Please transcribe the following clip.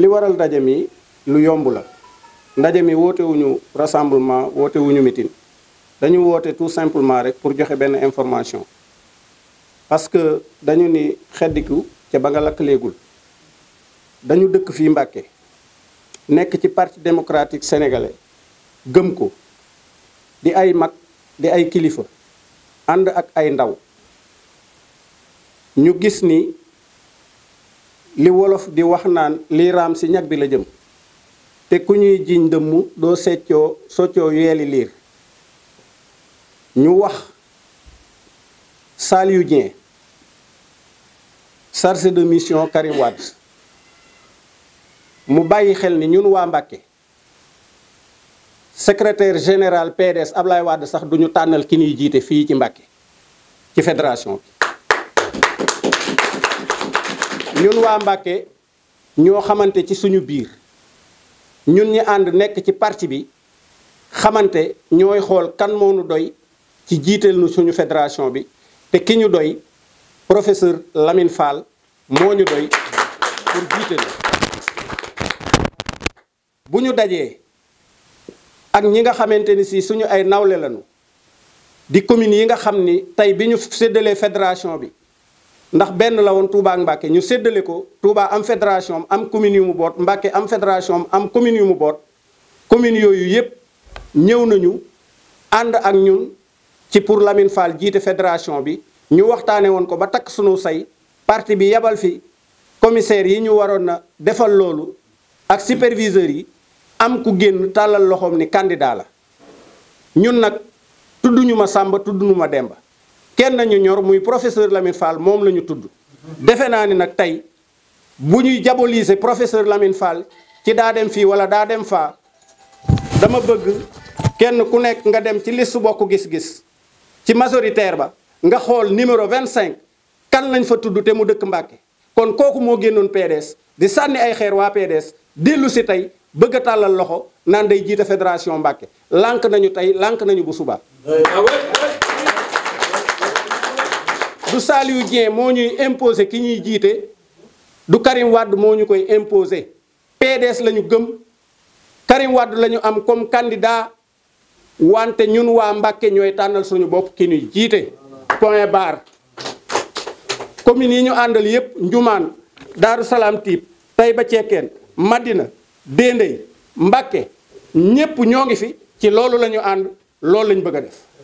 li waral ndaje mi lu yomb la ndaje mi wootewuñu wuñu wootewuñu woote dañu woote tout simplement rek pour joxe benn information parce que dañu ni xeddiku ca ba nga lakk dañu dëkk fii Mbàkke nekk ci parti démocratique sénégalais gëm ko di ay mag di ay kilifa ànd ak ay ndaw ñu gis ni li wolof di wax naan li raam si ñag bi la jëm te ku ñuy jiiñ ndëmm doo seccoo soccoo yeeli liir ñu wax Saliou Dieng chargé de mission Karim Wade mu bàyyi xel ni ñun waa Mbàkke secrétaire général PDS Ablaye Wade sax duñu tànnal ki ñuy jiite fii ci Mbàkke ci fédération bi ñun waa Mbàkke ñoo xamante ci suñu biir ñun ñi ànd nekk ci parti bi xamante ñooy xool kan moo nu doy ci jiital nu suñu fédération bi te ki ñu doy professeur Lamine Fall moo ñu doy pour jiital bu ñu dajee ak ñi nga xamante ni si suñu ay nawle lañu di communes yi nga xam ni tey bi ñu séddalee fédération bi ndax benn la woon Touba ak ñu séddale ko Touba am fédération am commune yu mu boot Mbacké am fédération am commune yu mu boot commune yooyu yëpp ñëw nañu ànd ak ñun ci pour Lamine Fall jiite fédération bi ñu waxtaanee woon ko ba takk suñu say parti bi yebal fi commissaire yi ñu waroon na defal loolu ak superviseurs yi am ku génn tàllal loxoom ni candidat la ñun nag tudduñu ma Sàmba tudduñu ma Demba kenn ñu ñor muy professeur Lamine Fall moom la ñu tudd defe naa ni nag tey bu ñuy diaboliser professeur Lamine Fall ci daa dem fii wala daa dem faa dama bëgg kenn ku nekk nga dem ci liste bokk gis-gis ci majoritaire ba nga xool numéro 25 kan lañ fa tudd te mu dëkk Mbàkke kon kooku moo génnoon PDS di sànni ay xeer waa PDS dellu si tey bëgg a tàllal loxo naan day jiite fédération Mbàkke lànk nañu tey lànk nañu bu subaa ah du Saliou Dieng moo ñuy imposé ki ñuy jiite du Karim Wade moo ñu koy imposé PDS lañu gëm Karim Wade lañu am comme candidat wante ñun waa Mbàkke ñooy tànnal suñu bopp ki ñuy jiite point bar commune yi ñu àndal yépp Njumaan Daaru Salaam Tiib ba Cekkeen maddina Déndey Mbàkke ñépp ñoo ngi fi ci loolu lañu ànd loolu la bëgg a def